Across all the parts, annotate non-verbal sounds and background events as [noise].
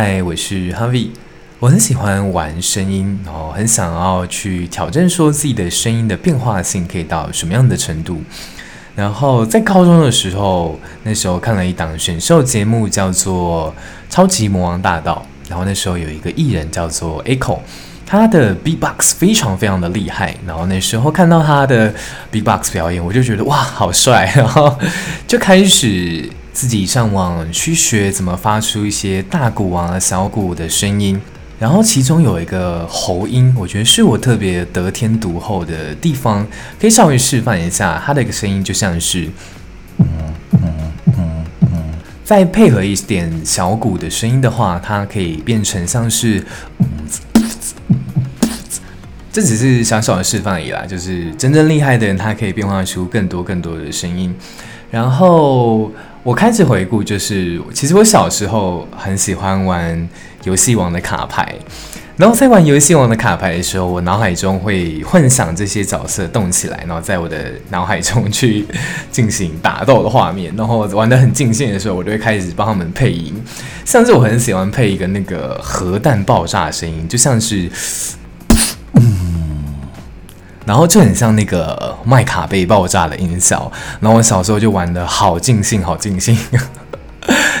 嗨，Hi, 我是 Harvie。我很喜歡玩聲音，然後很想要去挑戰，說自己的聲音的變化性可以到什麼樣的程度。然後在高中的時候，那時候看了一檔選秀節目，叫做《超級魔王大道》。然後那時候有一個藝人叫做 Aiko，、e、他的 B-box 非常非常的厲害。然後那時候看到他的 B-box 表演，我就覺得哇，好帥，然後就開始，自己上網去學怎麼發出一些大鼓啊、小鼓的聲音，然後其中有一個喉音，我覺得是我特別得天獨厚的地方，可以稍微示範一下，它的一個聲音就像是，嗯嗯嗯嗯，再配合一點小鼓的聲音的話，它可以變成像是，這只是小小的示範而已啦，就是真正厲害的人，它可以變化出更多更多的聲音。然後我開始回顧，就是其實我小時候很喜歡玩遊戲王的卡牌，然後在玩遊戲王的卡牌的時候，我腦海中會幻想這些角色動起來，然後在我的腦海中去進行打鬥的畫面。然後玩的很盡興的時候，我就會開始幫他們配音，像是我很喜歡配一個那個核彈爆炸聲音，就像是，嗯，然後就很像那個。麥卡貝爆炸的音效，然後我小時候就玩得好盡興，好盡興。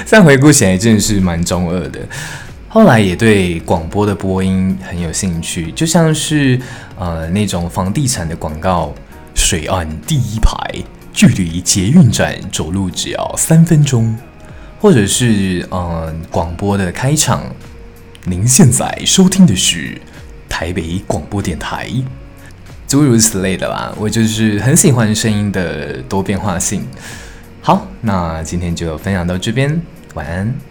再 [laughs] 回顧起來真的是蠻中二的。後來也對廣播的播音很有興趣，就像是呃那種房地產的廣告，水岸第一排，距離捷運站走路只要三分鐘，或者是嗯、呃、廣播的開場，您現在收聽的是台北廣播電台。諸如此類的吧，我就是很喜歡聲音的多變化性。好，那今天就分享到這邊，晚安。